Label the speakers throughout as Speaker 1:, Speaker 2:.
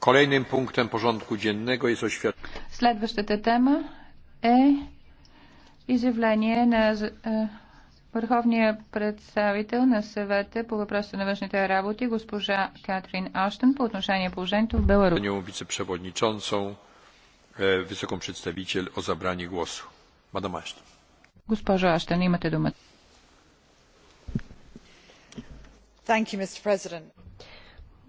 Speaker 1: Kolejnym punktem porządku dziennego jest oświadczenie.
Speaker 2: Следващата тема е изявление на е, Върховния представител на съвета по въпросите на външните работи госпожа Катрин Аштън по отношение положението в Беларус.
Speaker 1: Е, представител о гласу. Мадам Аштън.
Speaker 2: Госпожо Аштън, имате думата.
Speaker 3: Thank you, Mr. President.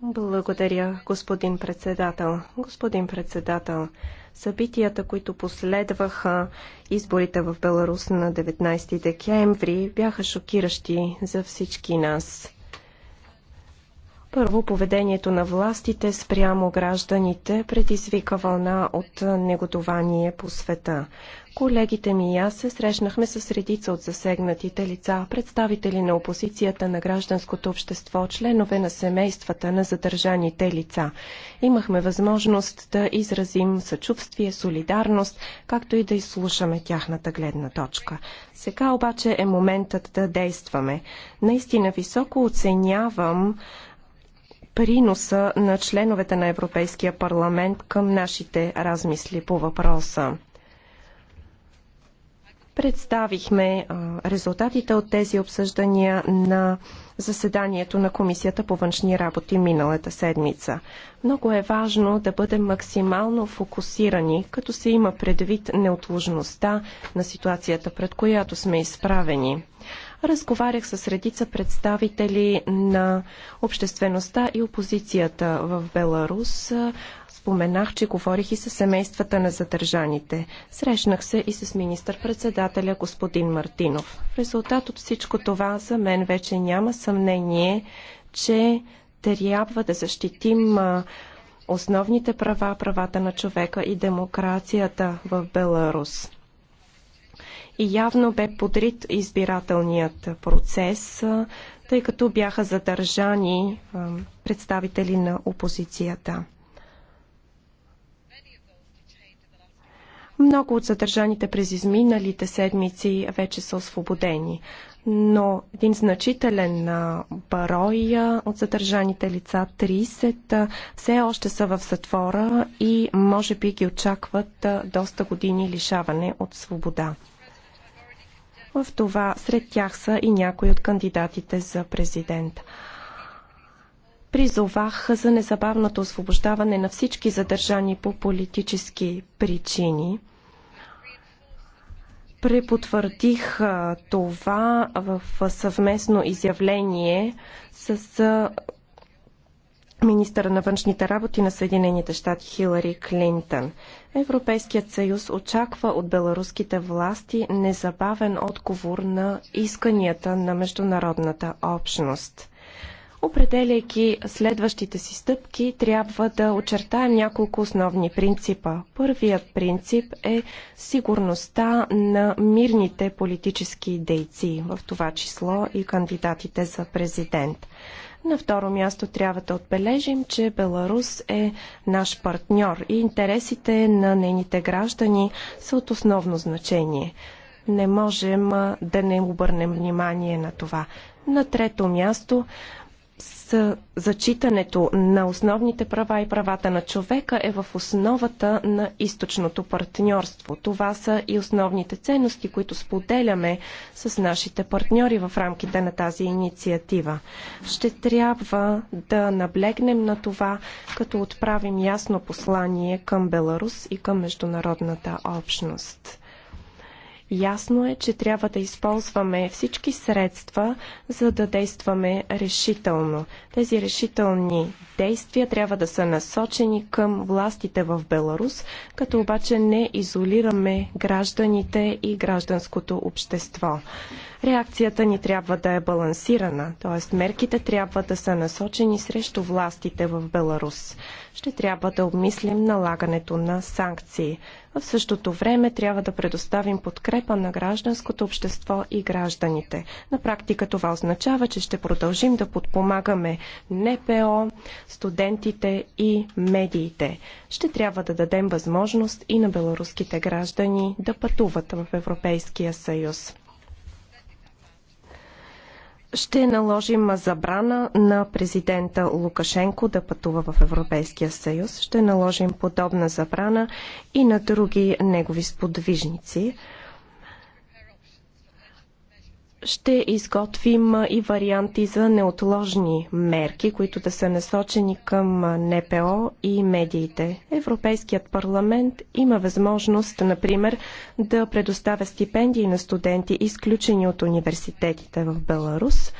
Speaker 4: Благодаря, господин председател. Господин председател, събитията, които последваха изборите в Беларус на 19 декември, бяха шокиращи за всички нас. Първо, поведението на властите спрямо гражданите предизвика вълна от негодование по света. Колегите ми и аз се срещнахме с редица от засегнатите лица, представители на опозицията на гражданското общество, членове на семействата на задържаните лица. Имахме възможност да изразим съчувствие, солидарност, както и да изслушаме тяхната гледна точка. Сега обаче е моментът да действаме. Наистина високо оценявам приноса на членовете на Европейския парламент към нашите размисли по въпроса. Представихме резултатите от тези обсъждания на заседанието на Комисията по външни работи миналата седмица. Много е важно да бъдем максимално фокусирани, като се има предвид неотложността на ситуацията, пред която сме изправени. Разговарях с редица представители на обществеността и опозицията в Беларус. Споменах, че говорих и с семействата на задържаните. Срещнах се и с министър-председателя господин Мартинов. В резултат от всичко това за мен вече няма съмнение, че трябва да защитим основните права, правата на човека и демокрацията в Беларус и явно бе подрит избирателният процес, тъй като бяха задържани представители на опозицията. Много от задържаните през изминалите седмици вече са освободени, но един значителен брой от задържаните лица, 30, все още са в затвора и може би ги очакват доста години лишаване от свобода. В това сред тях са и някои от кандидатите за президент. Призовах за незабавното освобождаване на всички задържани по политически причини. Препотвърдих това в съвместно изявление с министъра на външните работи на Съединените щати Хилари Клинтън. Европейският съюз очаква от беларуските власти незабавен отговор на исканията на международната общност. Определяйки следващите си стъпки, трябва да очертаем няколко основни принципа. Първият принцип е сигурността на мирните политически дейци, в това число и кандидатите за президент. На второ място трябва да отбележим, че Беларус е наш партньор и интересите на нейните граждани са от основно значение. Не можем да не обърнем внимание на това. На трето място с зачитането на основните права и правата на човека е в основата на източното партньорство. Това са и основните ценности, които споделяме с нашите партньори в рамките на тази инициатива. Ще трябва да наблегнем на това, като отправим ясно послание към Беларус и към международната общност. Ясно е, че трябва да използваме всички средства, за да действаме решително. Тези решителни действия трябва да са насочени към властите в Беларус, като обаче не изолираме гражданите и гражданското общество. Реакцията ни трябва да е балансирана, т.е. мерките трябва да са насочени срещу властите в Беларус. Ще трябва да обмислим налагането на санкции. В същото време трябва да предоставим подкрепа на гражданското общество и гражданите. На практика това означава, че ще продължим да подпомагаме НПО, студентите и медиите. Ще трябва да дадем възможност и на беларуските граждани да пътуват в Европейския съюз ще наложим забрана на президента Лукашенко да пътува в Европейския съюз. Ще наложим подобна забрана и на други негови сподвижници ще изготвим и варианти за неотложни мерки, които да са насочени към НПО и медиите. Европейският парламент има възможност, например, да предоставя стипендии на студенти, изключени от университетите в Беларус.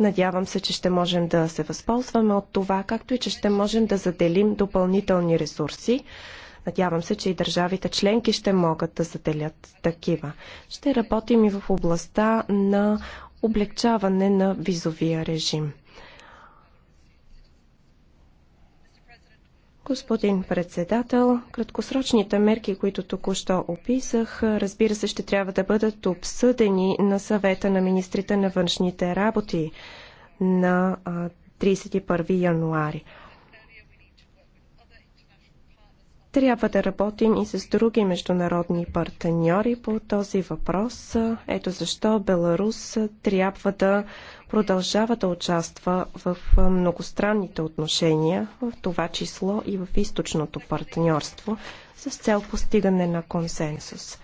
Speaker 4: Надявам се, че ще можем да се възползваме от това, както и че ще можем да заделим допълнителни ресурси Надявам се, че и държавите членки ще могат да заделят такива. Ще работим и в областта на облегчаване на визовия режим. Господин председател, краткосрочните мерки, които току-що описах, разбира се, ще трябва да бъдат обсъдени на съвета на министрите на външните работи на 31 януари. Трябва да работим и с други международни партньори по този въпрос. Ето защо Беларус трябва да продължава да участва в многостранните отношения, в това число и в източното партньорство, с цел постигане на консенсус.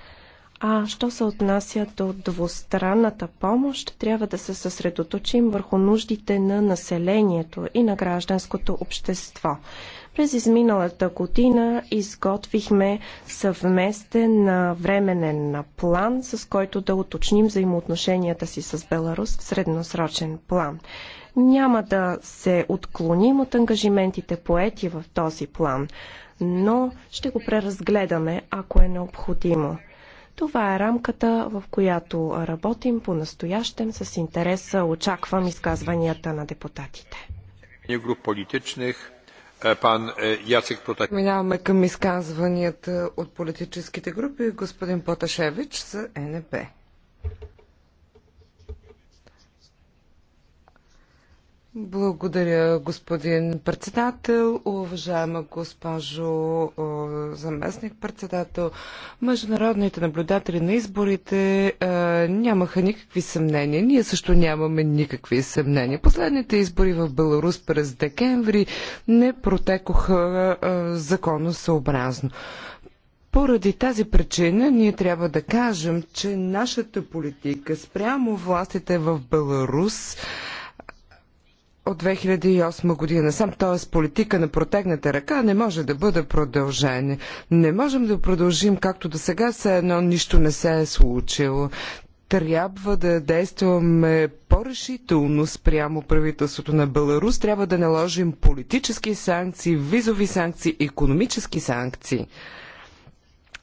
Speaker 4: А що се отнася до двустранната помощ, трябва да се съсредоточим върху нуждите на населението и на гражданското общество. През изминалата година изготвихме съвместен временен план, с който да уточним взаимоотношенията си с Беларус в средносрочен план. Няма да се отклоним от ангажиментите поети в този план, но ще го преразгледаме, ако е необходимо. Това е рамката, в която работим по настоящем. С интереса, очаквам изказванията на депутатите.
Speaker 1: Група политичних е, е,
Speaker 5: Минаваме към изказванията от политическите групи. Господин Поташевич за НП. Благодаря, господин председател, уважаема госпожо заместник-председател. Международните наблюдатели на изборите е, нямаха никакви съмнения. Ние също нямаме никакви съмнения. Последните избори в Беларус през декември не протекоха е, законосъобразно. Поради тази причина ние трябва да кажем, че нашата политика спрямо властите в Беларус от 2008 година сам, т.е. политика на протегната ръка не може да бъде продължена. Не можем да продължим както до сега, все едно нищо не се е случило. Трябва да действаме по-решително спрямо правителството на Беларус. Трябва да наложим политически санкции, визови санкции, економически санкции.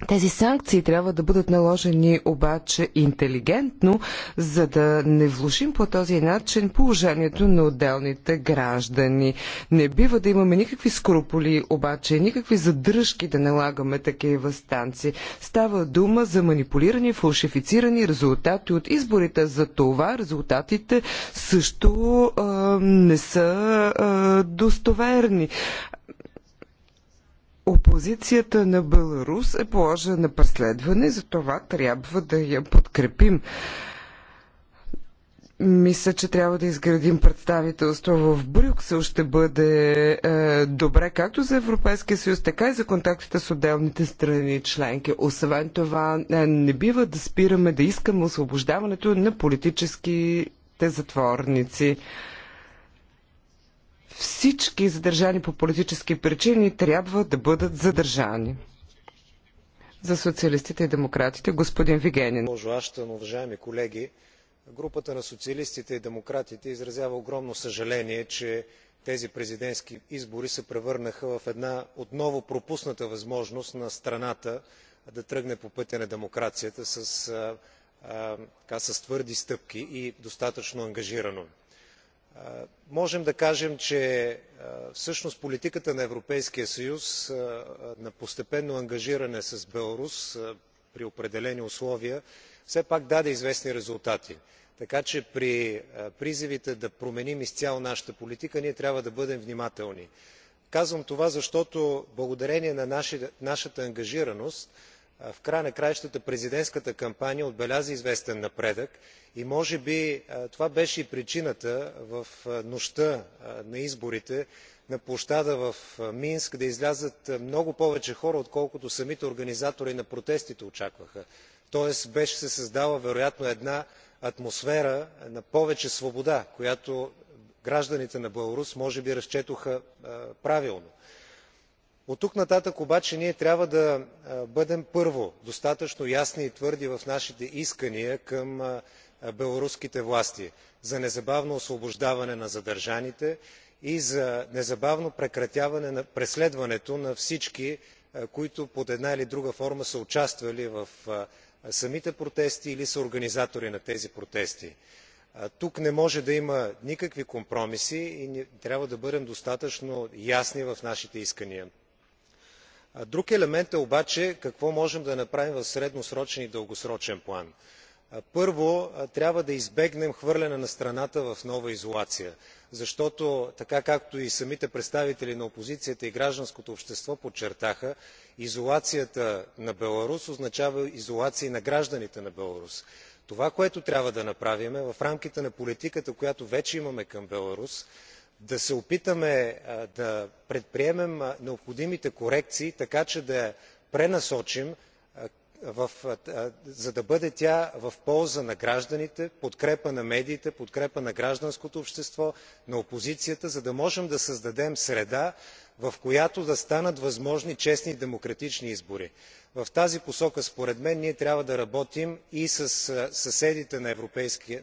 Speaker 5: Тези санкции трябва да бъдат наложени обаче интелигентно, за да не влушим по този начин положението на отделните граждани. Не бива да имаме никакви скруполи, обаче никакви задръжки да налагаме такива станции. Става дума за манипулирани, фалшифицирани резултати от изборите. За това резултатите също а, не са а, достоверни. Опозицията на Беларус е положена на преследване, за това трябва да я подкрепим. Мисля, че трябва да изградим представителство в Брюксел. Ще бъде е, добре както за Европейския съюз, така и за контактите с отделните страни членки. Освен това, е, не бива да спираме да искаме освобождаването на политическите затворници всички задържани по политически причини трябва да бъдат задържани. За социалистите и демократите, господин Вигенин.
Speaker 6: Госпожо Аштън, уважаеми колеги, групата на социалистите и демократите изразява огромно съжаление, че тези президентски избори се превърнаха в една отново пропусната възможност на страната да тръгне по пътя на демокрацията с, а, а, с твърди стъпки и достатъчно ангажирано можем да кажем че всъщност политиката на европейския съюз на постепенно ангажиране с беларус при определени условия все пак даде известни резултати така че при призивите да променим изцяло нашата политика ние трябва да бъдем внимателни. казвам това защото благодарение на нашата ангажираност в края на краищата президентската кампания отбеляза известен напредък и може би това беше и причината в нощта на изборите на площада в минск да излязат много повече хора отколкото самите организатори на протестите очакваха тоест беше се създала вероятно една атмосфера на повече свобода която гражданите на беларус може би разчетоха правилно оттук нататък обаче ние трябва да бъдем първо достатъчно ясни и твърди в нашите искания към беларуските власти за незабавно освобождаване на задържаните и за незабавно прекратяване на преследването на всички които под една или друга форма са участвали в самите протести или са организатори на тези протести. тук не може да има никакви компромиси и трябва да бъдем достатъчно ясни в нашите искания друг елемент е обаче какво можем да направим в средносрочен и дългосрочен план. първо трябва да избегнем хвърляне на страната в нова изолация защото така както и самите представители на опозицията и гражданското общество подчертаха изолацията на беларус означава изолация и на гражданите на беларус. това което трябва да направим е в рамките на политиката която вече имаме към беларус да се опитаме да предприемем необходимите корекции така че да я пренасочим за да бъде тя в полза на гражданите в подкрепа на медиите в подкрепа на гражданското общество на опозицията за да можем да създадем среда в която да станат възможни честни и демократични избори. в тази посока според мен ние трябва да работим и със съседите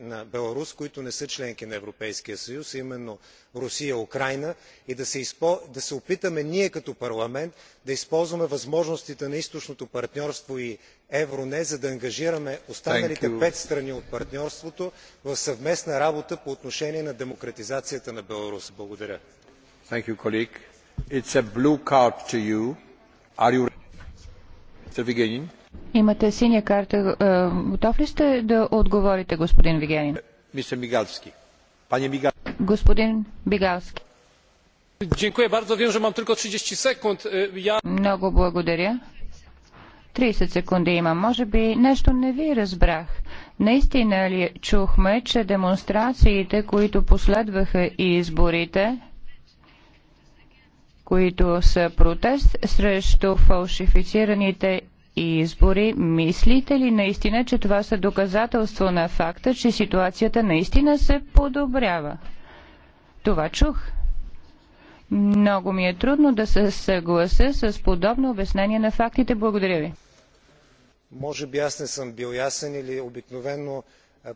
Speaker 6: на беларус които не са членки на европейския съюз а именно русия и украйна и да се опитаме ние като парламент да използваме възможностите на източното партньорство и Евроне, за да ангажираме останалите пет страни от партньорството в съвместна работа по отношение на демократизацията на беларус. благодаря.
Speaker 2: Имате синя карта. Е, готов ли сте да отговорите, господин Вигенин?
Speaker 1: Е, Мигалски. Мигал...
Speaker 2: Господин Бигалски. E, Много благодаря. 30 секунди има. Може би нещо не ви разбрах. Наистина ли чухме, че демонстрациите, които последваха и изборите, които са протест срещу фалшифицираните избори. Мислите ли наистина, че това са доказателство на факта, че ситуацията наистина се подобрява? Това чух. Много ми е трудно да се съглася с подобно обяснение на фактите. Благодаря ви.
Speaker 6: Може би аз не съм бил ясен или обикновено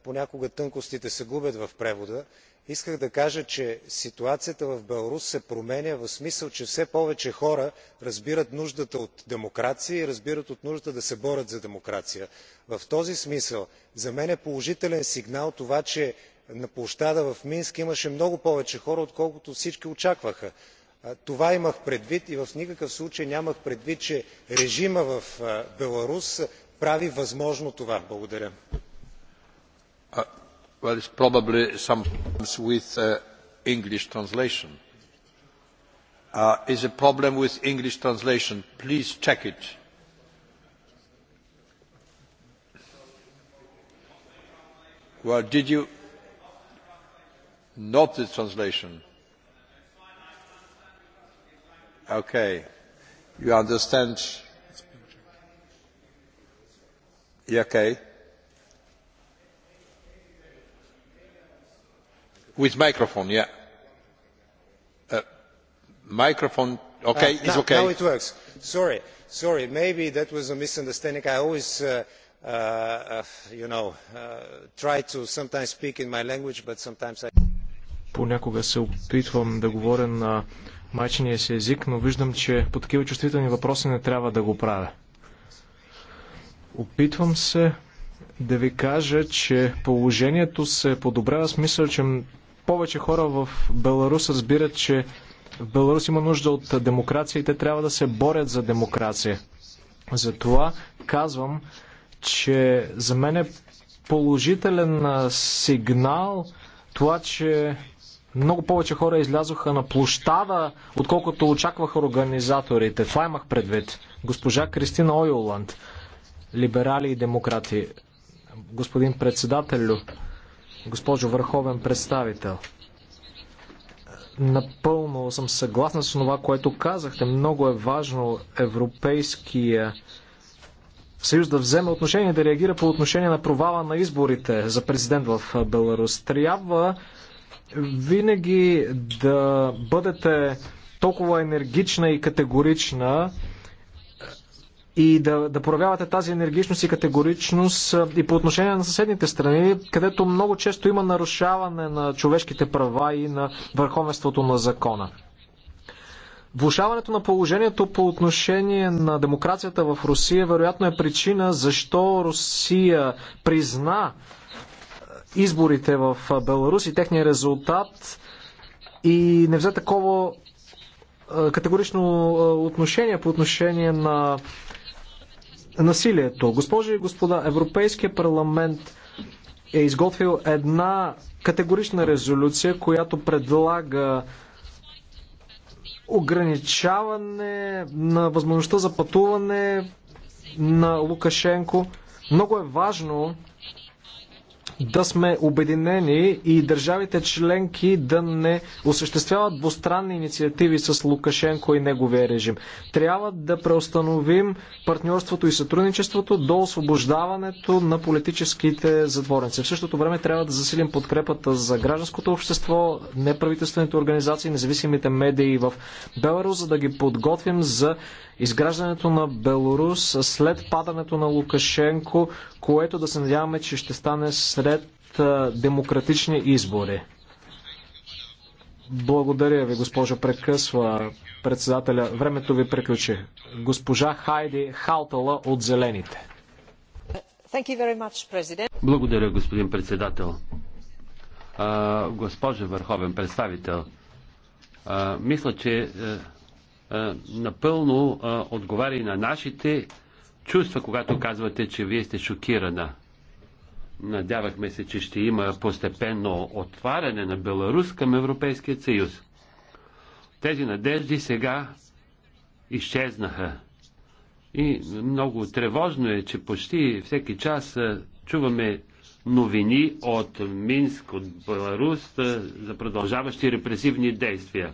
Speaker 6: понякога тънкостите се губят в превода исках да кажа че ситуацията в беларус се променя в смисъл че все повече хора разбират нуждата от демокрация и разбират от нуждата да се борят за демокрация. в този смисъл за мен е положителен сигнал това че на площада в минск имаше много повече хора отколкото всички очакваха. това имах предвид и в никакъв случай нямах предвид че режимът в беларус прави възможно това. благодаря.
Speaker 1: Well, it is probably sometimes with uh, English translation. Uh, is a problem with English translation. Please check it. Well, did you? Not the translation. Okay. You understand? okay. with microphone yeah uh, microphone okay ah, is okay now it
Speaker 6: works sorry sorry maybe that was a misunderstanding i always uh, uh, you know uh, try to sometimes speak in my language but sometimes i
Speaker 7: понякога се опитвам да говоря на майчиния си език, но виждам, че по такива чувствителни въпроси не трябва да го правя. Опитвам се да ви кажа, че положението се подобрява. Смисъл, че повече хора в Беларус разбират, че в Беларус има нужда от демокрация и те трябва да се борят за демокрация. Затова казвам, че за мен е положителен сигнал това, че много повече хора излязоха на площада, отколкото очакваха организаторите. Това имах предвид. Госпожа Кристина Ойоланд, либерали и демократи. Господин председателю, госпожо Върховен представител. Напълно съм съгласна с това, което казахте. Много е важно Европейския съюз да вземе отношение, да реагира по отношение на провала на изборите за президент в Беларус. Трябва винаги да бъдете толкова енергична и категорична, и да, да проявявате тази енергичност и категоричност и по отношение на съседните страни, където много често има нарушаване на човешките права и на върховенството на закона. Влушаването на положението по отношение на демокрацията в Русия вероятно е причина защо Русия призна изборите в Беларус и техния резултат и не взе такова категорично отношение по отношение на насилието. Госпожи и господа, Европейския парламент е изготвил една категорична резолюция, която предлага ограничаване на възможността за пътуване на Лукашенко. Много е важно да сме обединени и държавите членки да не осъществяват двустранни инициативи с Лукашенко и неговия режим. Трябва да преустановим партньорството и сътрудничеството до освобождаването на политическите затворници. В същото време трябва да засилим подкрепата за гражданското общество, неправителствените организации, независимите медии в Беларус, за да ги подготвим за изграждането на Беларус след падането на Лукашенко, което да се надяваме, че ще стане сред демократични избори. Благодаря ви, госпожо Прекъсва, председателя. Времето ви приключи. Госпожа Хайди Халтала от Зелените.
Speaker 4: Much,
Speaker 8: Благодаря, господин председател. А, госпожа Върховен представител, а, мисля, че е, напълно отговаря и на нашите чувства, когато казвате, че вие сте шокирана. Надявахме се, че ще има постепенно отваряне на Беларус към Европейския съюз. Тези надежди сега изчезнаха. И много тревожно е, че почти всеки час чуваме новини от Минск, от Беларус за продължаващи репресивни действия.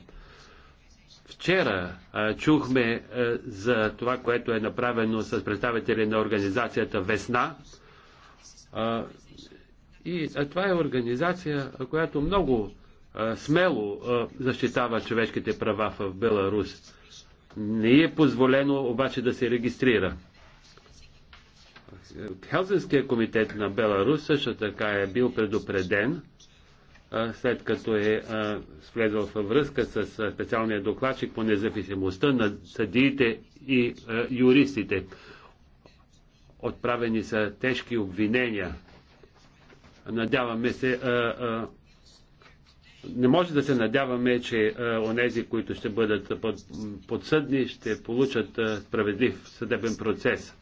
Speaker 8: Вчера а, чухме а, за това, което е направено с представители на организацията Весна. А, и а това е организация, която много а, смело а, защитава човешките права в Беларус. Не е позволено обаче да се регистрира. Хелзинския комитет на Беларус също така е бил предупреден след като е следвал във връзка с специалния докладчик по независимостта на съдиите и юристите. Отправени са тежки обвинения. Надяваме се. Не може да се надяваме, че онези, които ще бъдат подсъдни, ще получат справедлив съдебен процес.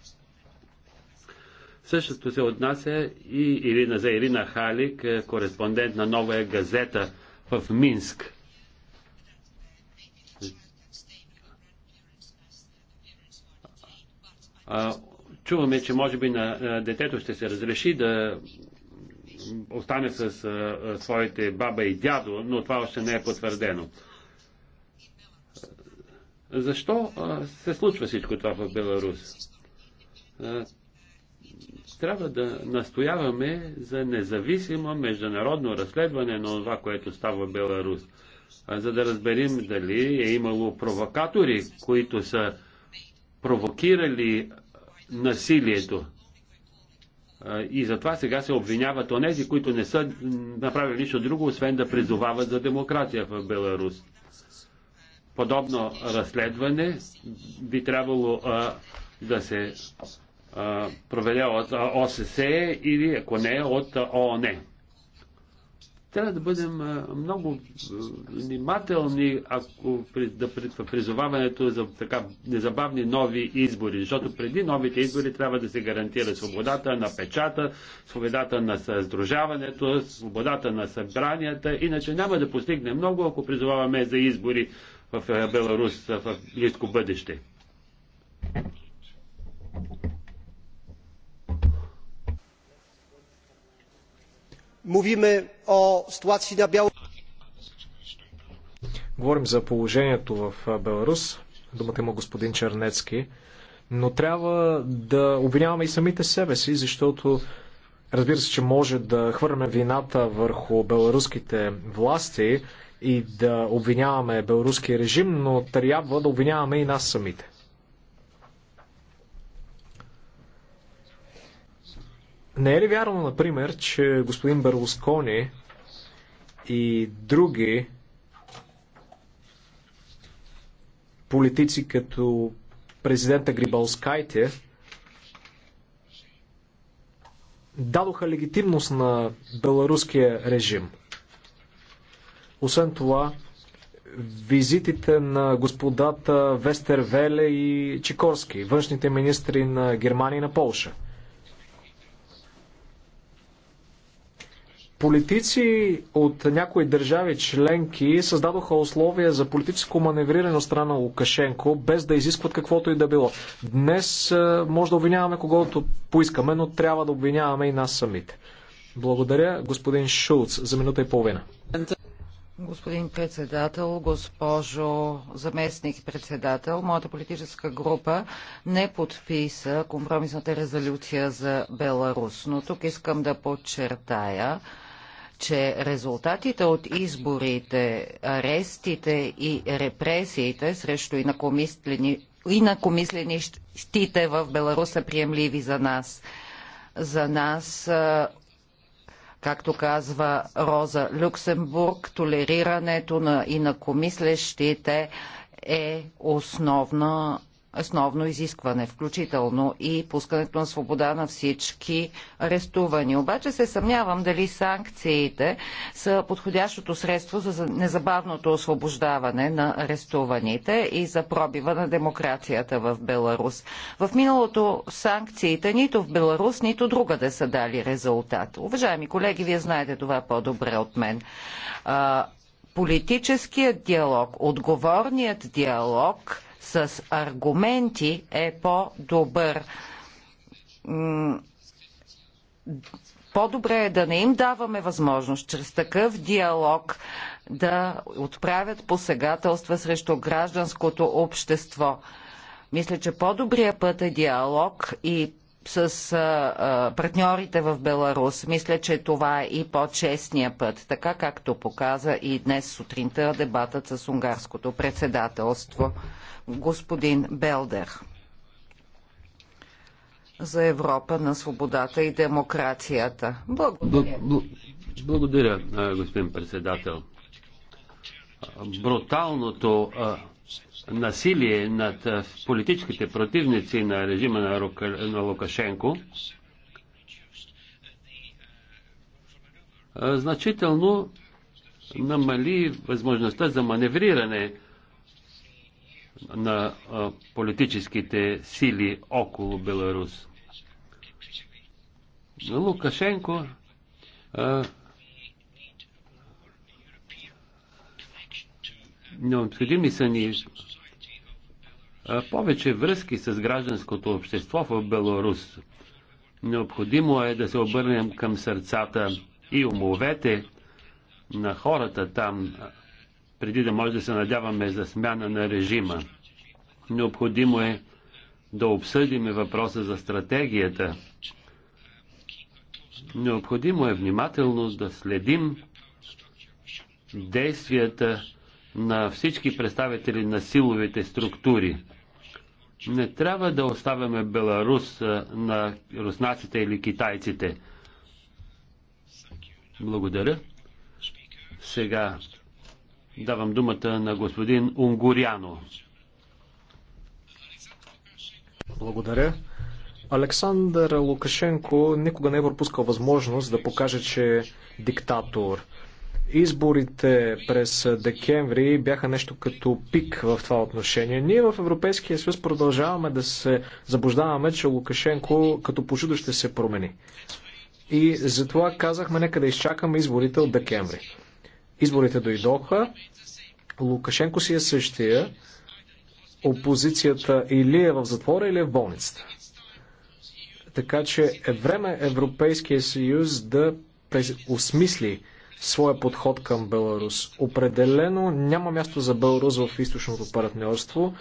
Speaker 8: Същото се отнася и Ирина, за Ирина Халик, е, кореспондент на новая газета в Минск. А, чуваме, че може би на, е, детето ще се разреши да остане с а, е, своите баба и дядо, но това още не е потвърдено. Защо а, се случва всичко това в Беларус? трябва да настояваме за независимо международно разследване на това, което става в Беларус, за да разберем дали е имало провокатори, които са провокирали насилието. И затова сега се обвиняват онези, които не са направили нищо друго, освен да призовават за демокрация в Беларус. Подобно разследване би трябвало а, да се проверяват от ОССЕ или ако не от ООН. Трябва да бъдем много внимателни ако да, в призоваването за така незабавни нови избори, защото преди новите избори трябва да се гарантира свободата на печата, свободата на сдружаването, свободата на събранията. Иначе няма да постигне много, ако призоваваме за избори в Беларус в близко бъдеще.
Speaker 6: Mówimy o ситуации на Białorusi.
Speaker 7: Говорим за положението в Беларус. Думата има господин Чернецки. Но трябва да обвиняваме и самите себе си, защото разбира се, че може да хвърляме вината върху беларуските власти и да обвиняваме беларуския режим, но трябва да обвиняваме и нас самите. Не е ли вярно, например, че господин Берлускони
Speaker 6: и други
Speaker 7: политици като президента Грибалскайте дадоха легитимност на беларуския режим. Освен това, визитите на господата Вестервеле и Чикорски, външните министри на Германия и на Полша – Политици от някои държави членки създадоха условия за политическо маневриране от страна Лукашенко, без да изискват каквото и да било. Днес е, може да обвиняваме когото поискаме, но трябва да обвиняваме и нас самите. Благодаря, господин Шулц, за минута и половина.
Speaker 3: Господин председател, госпожо заместник председател, моята политическа група не подписа компромисната резолюция за Беларус, но тук искам да подчертая, че резултатите от изборите, арестите и репресиите срещу инакомисленищите в Беларус са приемливи за нас. За нас, както казва Роза Люксембург, толерирането на инакомислещите е основна основно изискване, включително и пускането на свобода на всички арестувани. Обаче се съмнявам дали санкциите са подходящото средство за незабавното освобождаване на арестуваните и за пробива на демокрацията в Беларус. В миналото санкциите нито в Беларус, нито друга да са дали резултат. Уважаеми колеги, вие знаете това по-добре от мен политическият диалог, отговорният диалог с аргументи е по-добър. По-добре е да не им даваме възможност чрез такъв диалог да отправят посегателства срещу гражданското общество. Мисля, че по-добрият път е диалог и с а, партньорите в Беларус. Мисля, че това е и по-честния път, така както показа и днес сутринта дебатът с унгарското председателство. Господин Белдер за Европа на свободата и демокрацията. Благодаря.
Speaker 8: Благодаря, господин председател. Бруталното насилие над политическите противници на режима на, Рука, на Лукашенко, значително намали възможността за маневриране на политическите сили около Беларус. Лукашенко Необходими са ни повече връзки с гражданското общество в Беларус. Необходимо е да се обърнем към сърцата и умовете на хората там, преди да може да се надяваме за смяна на режима. Необходимо е да обсъдиме въпроса за стратегията. Необходимо е внимателно да следим действията на всички представители на силовите структури. Не трябва да оставяме Беларус на руснаците или китайците. Благодаря. Сега давам думата на господин Унгуряно.
Speaker 7: Благодаря. Александър Лукашенко никога не е пропускал възможност да покаже, че е диктатор. Изборите през декември бяха нещо като пик в това отношение. Ние в Европейския съюз продължаваме да се заблуждаваме, че Лукашенко като по чудо ще се промени. И затова казахме, нека да изчакаме изборите от декември. Изборите дойдоха, Лукашенко си е същия, опозицията или е в затвора, или е в болницата. Така че е време Европейския съюз да осмисли своя подход към Беларус. Определено няма място за Беларус в източното партньорство.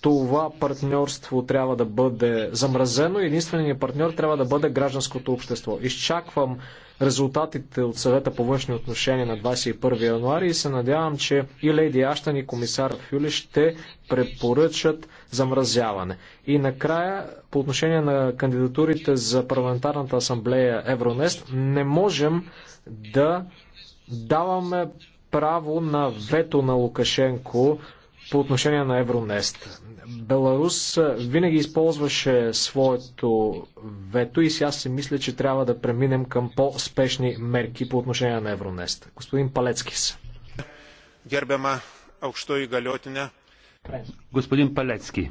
Speaker 7: Това партньорство трябва да бъде замразено. Единственият партньор трябва да бъде гражданското общество. Изчаквам резултатите от съвета по външни отношения на 21 януари и се надявам, че и Лейди Аштан и комисар Фюли ще препоръчат замразяване. И накрая, по отношение на кандидатурите за парламентарната асамблея Евронест, не можем да даваме право на вето на Лукашенко по отношение на Евронест. Беларус винаги използваше своето вето и сега се мисля, че трябва да преминем към по-спешни мерки по отношение на Евронест. Господин
Speaker 6: Палецкис. Гербема Аукшто и Галетиня.
Speaker 8: Господин Палецки.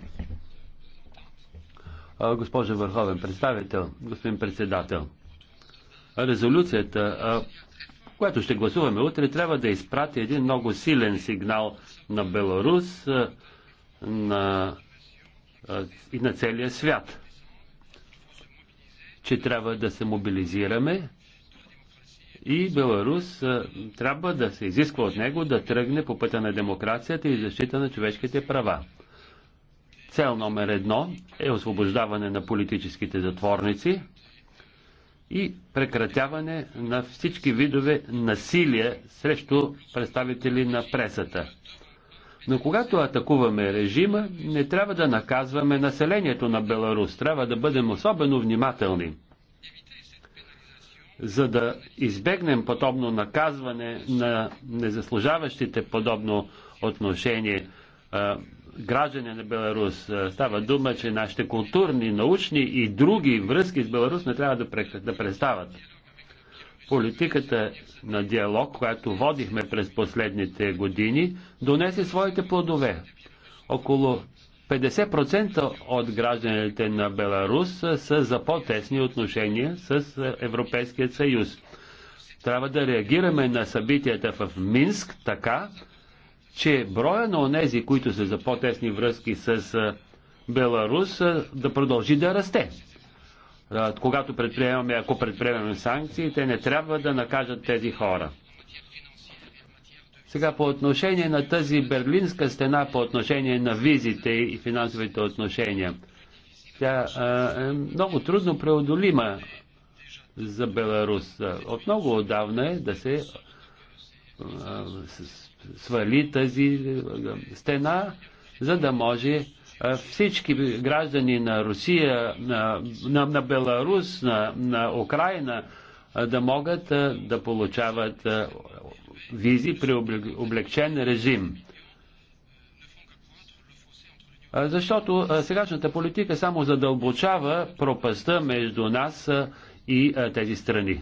Speaker 8: Госпожа Върховен представител, господин председател. Резолюцията, която ще гласуваме утре, трябва да изпрати един много силен сигнал на Беларус, на, и на целия свят, че трябва да се мобилизираме и Беларус трябва да се изисква от него да тръгне по пътя на демокрацията и защита на човешките права. Цел номер едно е освобождаване на политическите затворници и прекратяване на всички видове насилие срещу представители на пресата. Но когато атакуваме режима, не трябва да наказваме населението на Беларус. Трябва да бъдем особено внимателни, за да избегнем подобно наказване на незаслужаващите подобно отношение граждани на Беларус. Става дума, че нашите културни, научни и други връзки с Беларус не трябва да, престават. Политиката на диалог, която водихме през последните години, донесе своите плодове. Около 50% от гражданите на Беларус са за по-тесни отношения с Европейският съюз. Трябва да реагираме на събитията в Минск така, че броя на онези, които са за по-тесни връзки с Беларус, да продължи да расте когато предприемаме, ако предприемаме санкции, те не трябва да накажат тези хора. Сега по отношение на тази берлинска стена, по отношение на визите и финансовите отношения, тя е много трудно преодолима за Беларус. От много отдавна е да се свали тази стена, за да може всички граждани на Русия, на, на, на Беларус, на, на Украина да могат да получават визи при облегчен режим. Защото сегашната политика само задълбочава пропаста между нас и тези страни.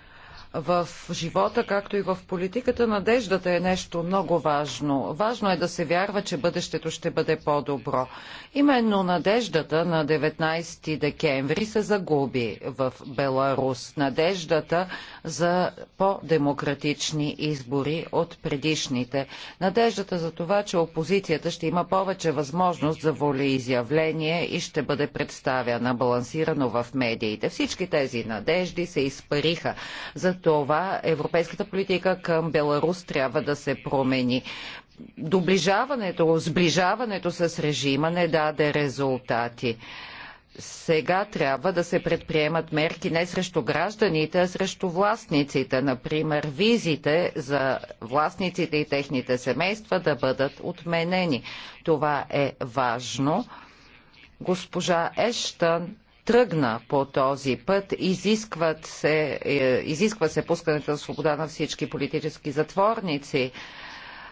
Speaker 3: В живота, както и в политиката, надеждата е нещо много важно. Важно е да се вярва, че бъдещето ще бъде по-добро. Именно надеждата на 19 декември се загуби в Беларус. Надеждата за по-демократични избори от предишните. Надеждата за това, че опозицията ще има повече възможност за волеизявление и ще бъде представена балансирано в медиите. Всички тези надежди се изпариха. За това европейската политика към Беларус трябва да се промени. Доближаването, сближаването с режима не даде резултати сега трябва да се предприемат мерки не срещу гражданите, а срещу властниците. Например, визите за властниците и техните семейства да бъдат отменени. Това е важно. Госпожа Ештън тръгна по този път. Изискват се, е, изисква се пускането на свобода на всички политически затворници.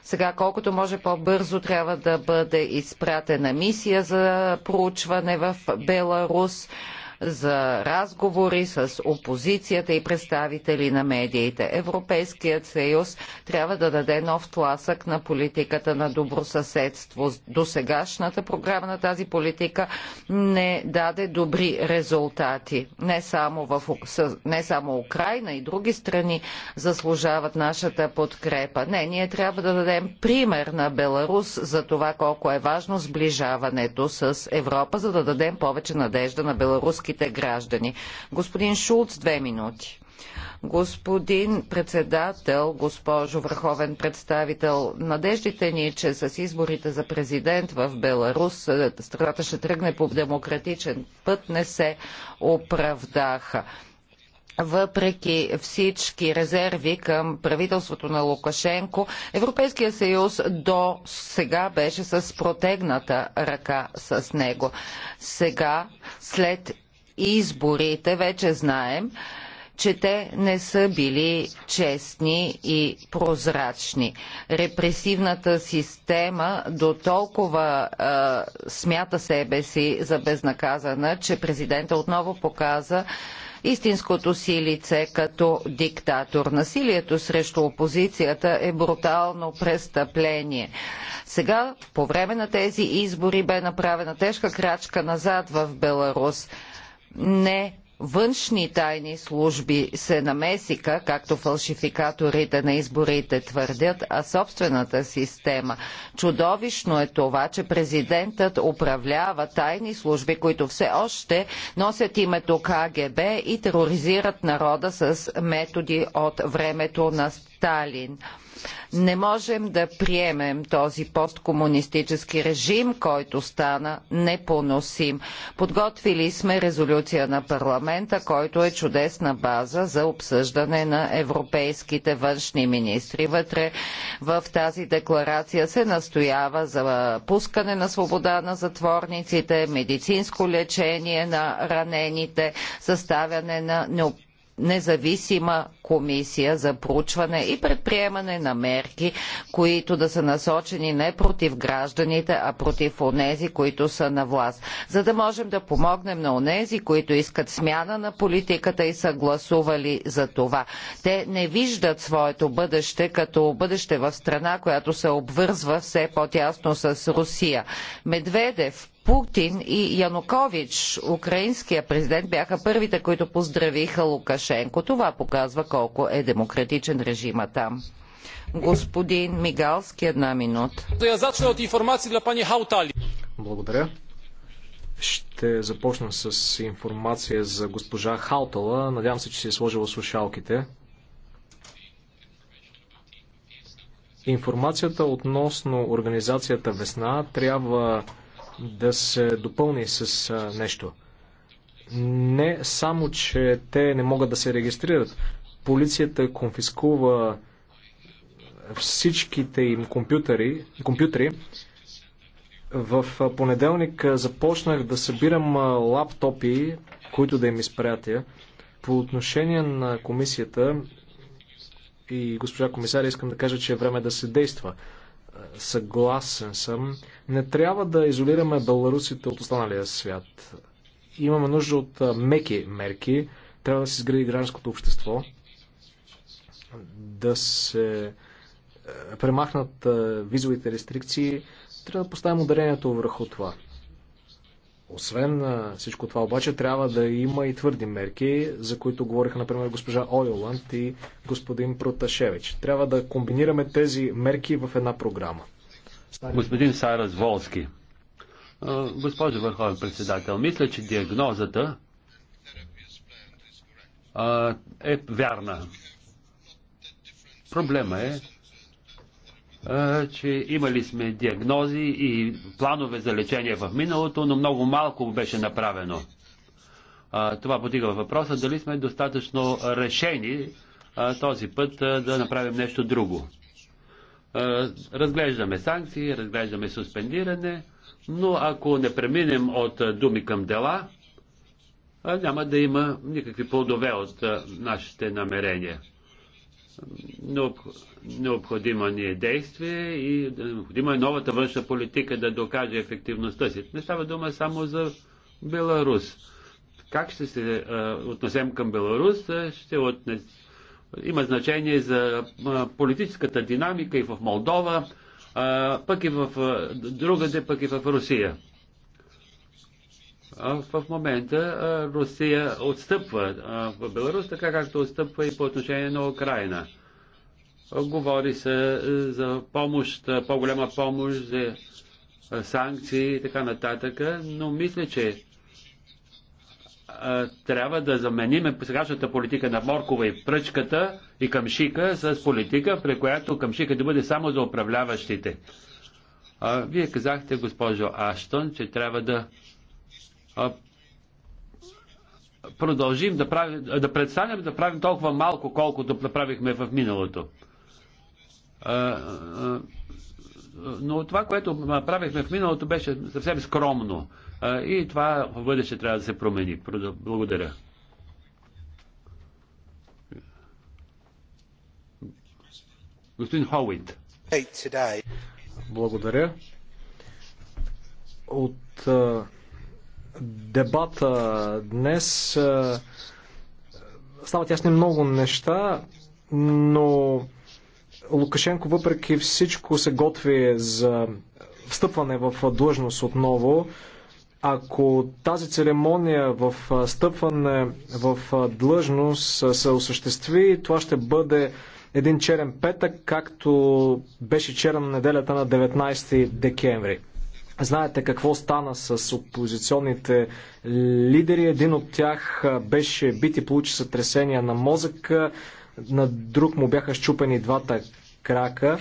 Speaker 3: Сега колкото може по-бързо трябва да бъде изпратена мисия за проучване в Беларус за разговори с опозицията и представители на медиите. Европейският съюз трябва да даде нов тласък на политиката на добросъседство. До сегашната програма на тази политика не даде добри резултати. Не само, в, не само Украина и други страни заслужават нашата подкрепа. Не, ние трябва да дадем пример на Беларус за това колко е важно сближаването с Европа, за да дадем повече надежда на беларуски европейските граждани. Господин Шулц, две минути. Господин председател, госпожо върховен представител, надеждите ни, че с изборите за президент в Беларус е, страната ще тръгне по демократичен път, не се оправдаха въпреки всички резерви към правителството на Лукашенко, Европейския съюз до сега беше с протегната ръка с него. Сега, след изборите, вече знаем, че те не са били честни и прозрачни. Репресивната система до толкова е, смята себе си за безнаказана, че президента отново показа истинското си лице като диктатор. Насилието срещу опозицията е брутално престъпление. Сега, по време на тези избори, бе направена тежка крачка назад в Беларус не външни тайни служби се намесиха, както фалшификаторите на изборите твърдят, а собствената система. Чудовищно е това, че президентът управлява тайни служби, които все още носят името КГБ и тероризират народа с методи от времето на Сталин. Не можем да приемем този посткомунистически режим, който стана непоносим. Подготвили сме резолюция на парламента, който е чудесна база за обсъждане на европейските външни министри. Вътре в тази декларация се настоява за пускане на свобода на затворниците, медицинско лечение на ранените, съставяне на необходимите независима комисия за проучване и предприемане на мерки, които да са насочени не против гражданите, а против онези, които са на власт. За да можем да помогнем на онези, които искат смяна на политиката и са гласували за това. Те не виждат своето бъдеще като бъдеще в страна, която се обвързва все по-тясно с Русия. Медведев Путин и Янукович, украинския президент, бяха първите, които поздравиха Лукашенко. Това показва колко е демократичен режима там. Господин Мигалски, една минута.
Speaker 8: започна от информация для пани Хаутали.
Speaker 3: Благодаря. Ще започна
Speaker 7: с информация за госпожа Халтала. Надявам се, че си е сложила слушалките. Информацията относно организацията Весна трябва да се допълни с нещо. Не само, че те не могат да се регистрират, полицията конфискува всичките им компютъри, компютъри. В понеделник започнах да събирам лаптопи, които да им изпратя. По отношение на комисията и госпожа комисаря искам да кажа, че е време да се действа. Съгласен съм. Не трябва да изолираме беларусите от останалия свят. Имаме нужда от меки мерки. Трябва да се изгради гражданското общество, да се премахнат визовите рестрикции. Трябва да поставим ударението върху това. Освен всичко това, обаче, трябва да има и твърди мерки, за които говориха, например, госпожа Ойоланд и господин Проташевич. Трябва да комбинираме тези мерки в една програма.
Speaker 8: Господин Сайрас Волски. Госпожо Върховен председател, мисля, че диагнозата е вярна. Проблема е, че имали сме диагнози и планове за лечение в миналото, но много малко беше направено. Това подига въпроса дали сме достатъчно решени този път да направим нещо друго разглеждаме санкции, разглеждаме суспендиране, но ако не преминем от думи към дела, няма да има никакви плодове от нашите намерения. Необходимо ни е действие и необходимо е новата външна политика да докаже ефективността си. Не става дума само за Беларус. Как ще се отнесем към Беларус, ще отнес, има значение за политическата динамика и в Молдова, пък и в другаде, пък и в Русия. В момента Русия отстъпва в Беларус, така както отстъпва и по отношение на Украина. Говори се за помощ, по-голяма помощ, за санкции и така нататък, но мисля, че трябва да заменим сегашната политика на Моркова и Пръчката и Камшика с политика, при която Камшика да бъде само за управляващите. А, вие казахте, госпожо Аштон, че трябва да а, продължим да, прави, да представим да правим толкова малко, колкото направихме в миналото. А, а, но това, което правихме в миналото, беше съвсем скромно. И това в бъдеще трябва да се промени. Благодаря. Господин Хоуит. Благодаря.
Speaker 7: От дебата днес стават ясни много неща, но Лукашенко въпреки всичко се готви за встъпване в длъжност отново. Ако тази церемония в стъпване в длъжност се осъществи, това ще бъде един черен петък, както беше черен неделята на 19 декември. Знаете какво стана с опозиционните лидери. Един от тях беше бит и получи сътресение на мозъка, на друг му бяха щупени двата крака.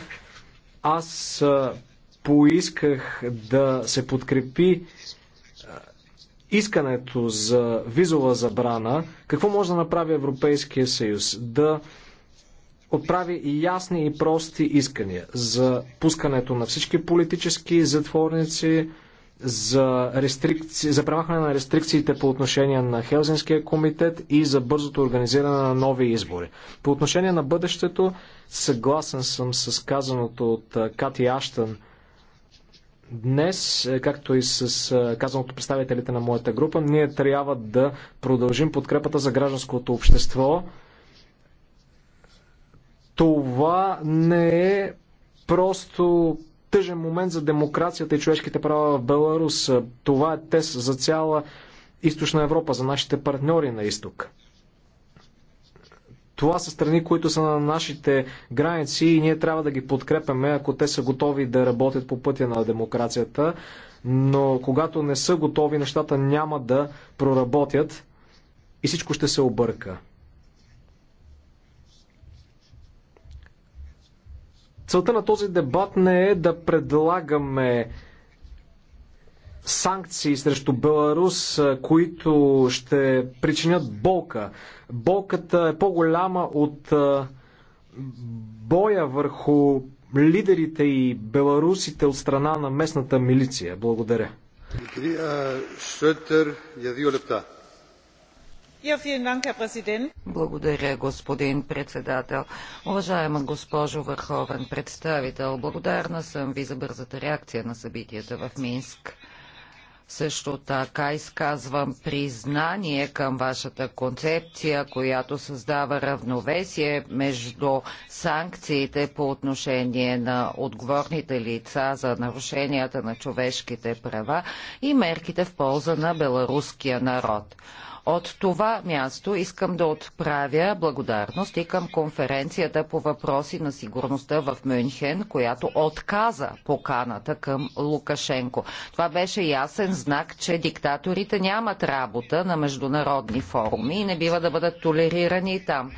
Speaker 7: Аз поисках да се подкрепи искането за визова забрана, какво може да направи Европейския съюз? Да отправи и ясни и прости искания за пускането на всички политически затворници, за, рестрикци... за премахване на рестрикциите по отношение на Хелзинския комитет и за бързото организиране на нови избори. По отношение на бъдещето, съгласен съм с казаното от Кати Аштън Днес, е, както и с е, казаното представителите на моята група, ние трябва да продължим подкрепата за гражданското общество. Това не е просто тъжен момент за демокрацията и човешките права в Беларус. Е, това е тест за цяла източна Европа, за нашите партньори на изток. Това са страни, които са на нашите граници и ние трябва да ги подкрепяме, ако те са готови да работят по пътя на демокрацията. Но когато не са готови, нещата няма да проработят и всичко ще се обърка. Целта на този дебат не е да предлагаме санкции срещу Беларус, които ще причинят болка. Болката е по-голяма от боя върху лидерите и беларусите от страна на местната милиция. Благодаря.
Speaker 3: Благодаря, господин председател. Уважаема госпожо Върховен представител, благодарна съм ви за бързата реакция на събитията в Минск. Също така изказвам признание към вашата концепция, която създава равновесие между санкциите по отношение на отговорните лица за нарушенията на човешките права и мерките в полза на беларуския народ. От това място искам да отправя благодарност и към конференцията по въпроси на сигурността в Мюнхен, която отказа поканата към Лукашенко. Това беше ясен знак, че диктаторите нямат работа на международни форуми и не бива да бъдат толерирани там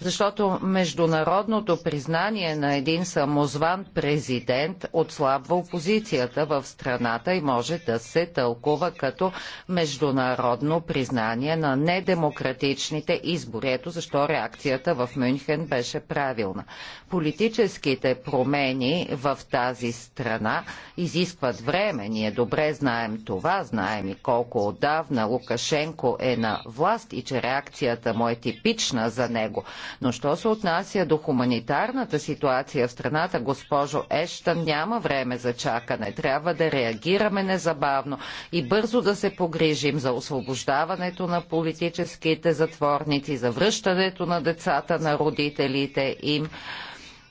Speaker 3: защото международното признание на един самозван президент отслабва опозицията в страната и може да се тълкува като международно признание на недемократичните избори. Ето защо реакцията в Мюнхен беше правилна. Политическите промени в тази страна изискват време. Ние добре знаем това, знаем и колко отдавна Лукашенко е на власт и че реакцията му е типична за него. Но що се отнася до хуманитарната ситуация в страната, госпожо Ещан, няма време за чакане. Трябва да реагираме незабавно и бързо да се погрижим за освобождаването на политическите затворници, за връщането на децата на родителите им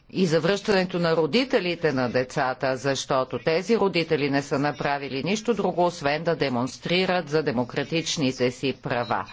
Speaker 3: и за връщането на родителите на децата, защото тези родители не са направили нищо друго, освен да демонстрират за демократичните си права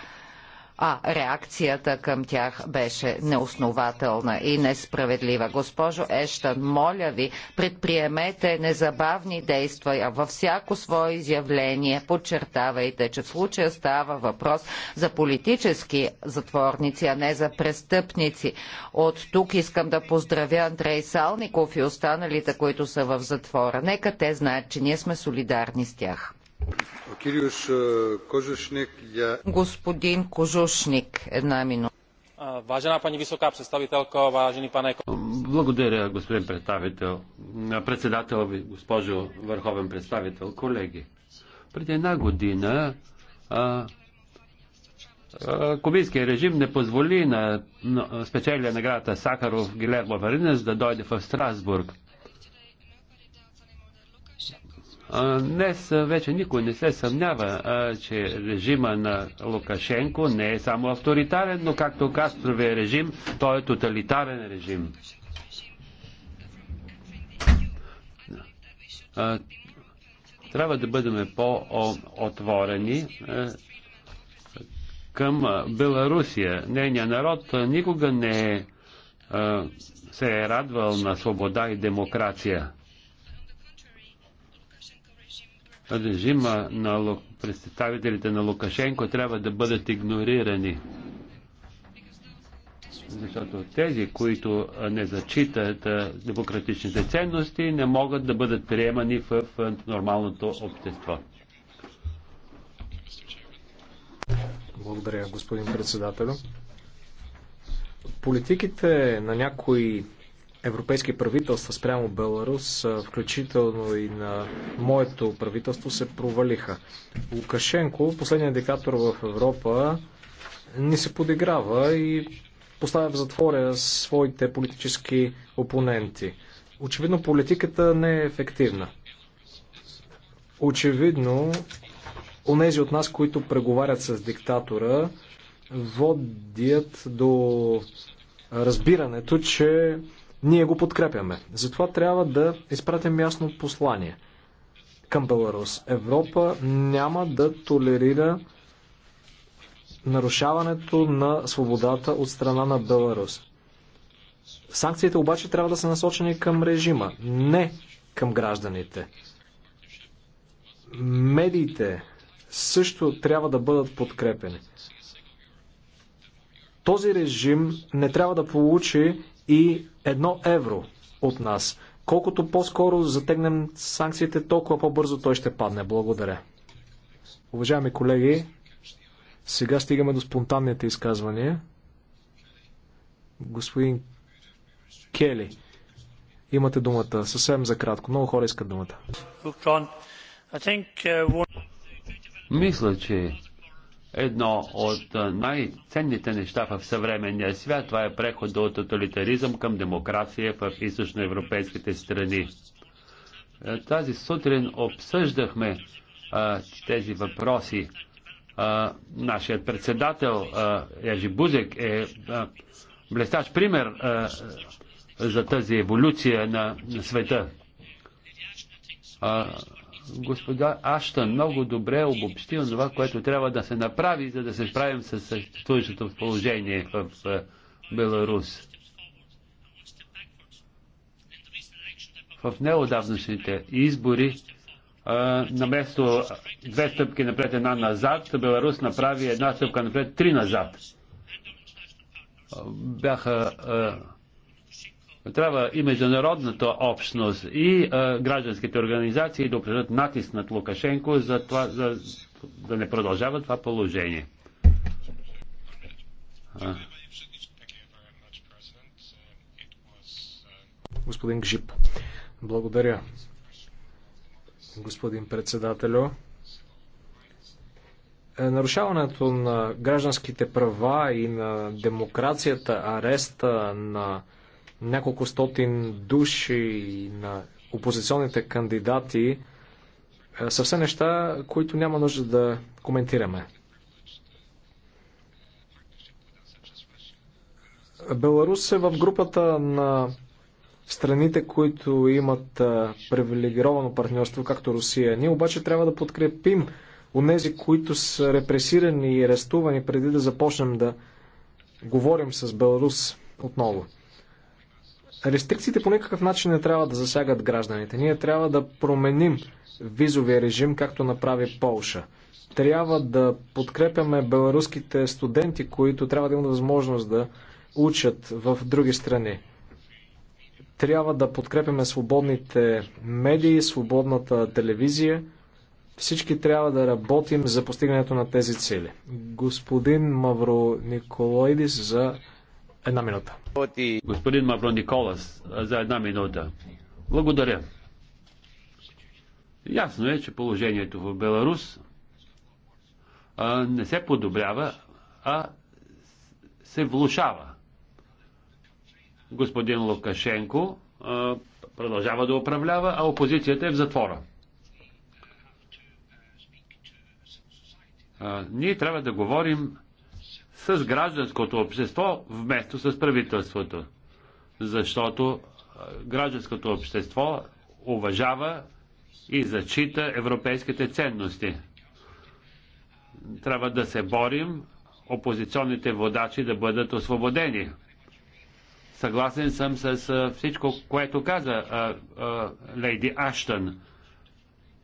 Speaker 3: а реакцията към тях беше неоснователна и несправедлива. Госпожо Ештън, моля ви, предприемете незабавни действия. Във всяко свое изявление подчертавайте, че в случая става въпрос за политически затворници, а не за престъпници. От тук искам да поздравя Андрей Салников и останалите, които са в затвора. Нека те знаят, че ние сме солидарни с тях.
Speaker 6: Е,
Speaker 3: господин Кожушник, една минута.
Speaker 8: Благодаря, господин представител. Председател, госпожо върховен представител, колеги. Преди една година а, а, кубинския режим не позволи на, на спечелия наградата Сахаров Гилер Лаваринес да дойде в Страсбург Днес вече никой не се съмнява, че режима на Лукашенко не е само авторитарен, но както Кастровия режим, той е тоталитарен режим. Трябва да бъдем по-отворени към Беларусия. Нейният народ никога не е, се е радвал на свобода и демокрация режима на представителите на Лукашенко трябва да бъдат игнорирани. Защото тези, които не зачитат демократичните ценности, не могат да бъдат приемани в нормалното общество.
Speaker 7: Благодаря, господин председател. Политиките на някои европейски правителства спрямо Беларус, включително и на моето правителство, се провалиха. Лукашенко, последният диктатор в Европа, ни се подиграва и поставя в затворя своите политически опоненти. Очевидно политиката не е ефективна. Очевидно, онези от нас, които преговарят с диктатора, водят до разбирането, че ние го подкрепяме. Затова трябва да изпратим ясно послание към Беларус. Европа няма да толерира нарушаването на свободата от страна на Беларус. Санкциите обаче трябва да са насочени към режима, не към гражданите. Медиите също трябва да бъдат подкрепени. Този режим не трябва да получи и едно евро от нас. Колкото по-скоро затегнем санкциите, толкова по-бързо той ще падне. Благодаря. Уважаеми колеги, сега стигаме до спонтанните изказвания. Господин Кели, имате думата съвсем за кратко. Много хора искат думата.
Speaker 8: Мисля, че едно от най-ценните неща в съвременния свят. Това е преход от тоталитаризъм към демокрация в източноевропейските страни. Е, тази сутрин обсъждахме а, тези въпроси. А, нашият председател Ежи Бузек е а, блестящ пример а, за тази еволюция на, на света. А, Господа Ашта много добре обобщи това, което трябва да се направи, за да се справим с съществуващото положение в Беларус. В неодавнашните избори на место две стъпки напред, една назад, Беларус направи една стъпка напред, три назад. Бяха трябва и международната общност, и а, гражданските организации да упражнят натиск над Лукашенко за това, за, да не продължава това положение. А.
Speaker 7: Господин Гжип, благодаря. Господин председателю, е, нарушаването на гражданските права и на демокрацията, ареста на няколко стотин души на опозиционните кандидати е, са все неща, които няма нужда да коментираме. Беларус е в групата на страните, които имат е, привилегировано партньорство, както Русия. Ние обаче трябва да подкрепим онези, които са репресирани и арестувани преди да започнем да говорим с Беларус отново. Рестрикциите по никакъв начин не трябва да засягат гражданите. Ние трябва да променим визовия режим, както направи Полша. Трябва да подкрепяме беларуските студенти, които трябва да имат възможност да учат в други страни. Трябва да подкрепяме свободните медии, свободната телевизия. Всички трябва да работим за постигането на тези цели. Господин Мавро Николойдис, за Една минута.
Speaker 8: Господин Мавро Николас, за една минута. Благодаря. Ясно е, че положението в Беларус а, не се подобрява, а се влушава. Господин Лукашенко а, продължава да управлява, а опозицията е в затвора. А, ние трябва да говорим с гражданското общество, вместо с правителството. Защото гражданското общество уважава и зачита европейските ценности. Трябва да се борим опозиционните водачи да бъдат освободени. Съгласен съм с всичко, което каза а, а, лейди Аштън.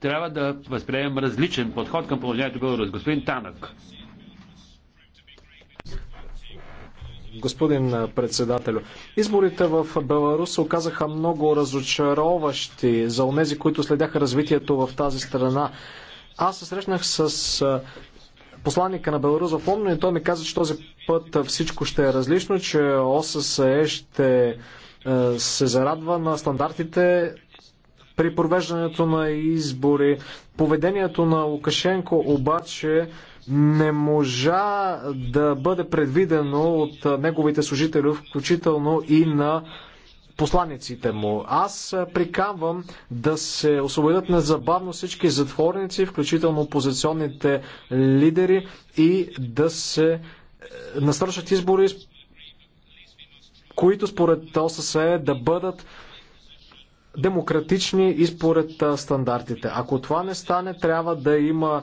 Speaker 8: Трябва да възприемем различен подход към положението Беларус. Господин Танък.
Speaker 7: господин председателю. Изборите в Беларус се оказаха много разочароващи за онези, които следяха развитието в тази страна. Аз се срещнах с посланника на Беларус в Лондон и той ми каза, че този път всичко ще е различно, че ОССЕ ще се зарадва на стандартите при провеждането на избори. Поведението на Лукашенко обаче не можа да бъде предвидено от неговите служители, включително и на посланиците му. Аз приканвам да се освободят незабавно всички затворници, включително опозиционните лидери и да се е, насръщат избори, които според ОССЕ да бъдат демократични и според стандартите. Ако това не стане, трябва да има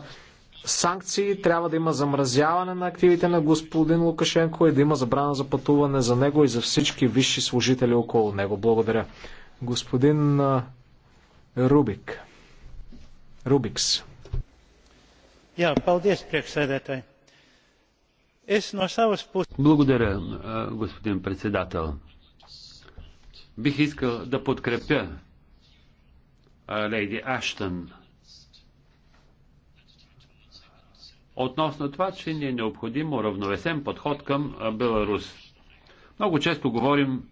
Speaker 7: санкции, трябва да има замразяване на активите на господин Лукашенко и да има забрана за пътуване за него и за всички висши служители около него. Благодаря. Господин Рубик.
Speaker 8: Рубикс. Благодаря, господин председател. Бих искал да подкрепя леди Аштън относно това, че ни е необходимо равновесен подход към Беларус. Много често говорим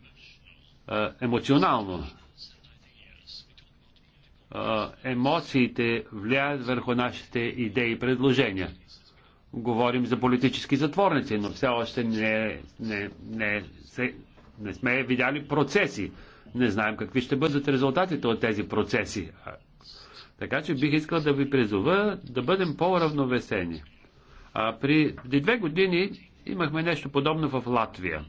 Speaker 8: емоционално. Емоциите влияят върху нашите идеи и предложения. Говорим за политически затворници, но все още не, не, не, се, не сме видяли процеси. Не знаем какви ще бъдат резултатите от тези процеси. Така че бих искал да ви призова да бъдем по-равновесени. А, при две години имахме нещо подобно в Латвия.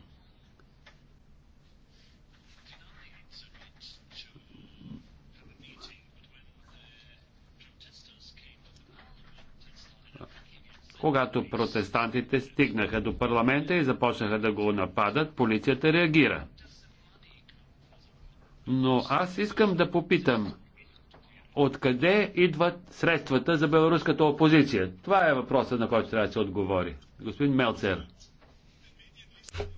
Speaker 8: Когато протестантите стигнаха до парламента и започнаха да го нападат, полицията реагира. Но аз искам да попитам, Откъде идват средствата за беларуската опозиция? Това е въпросът, на който трябва да се отговори. Господин Мелцер.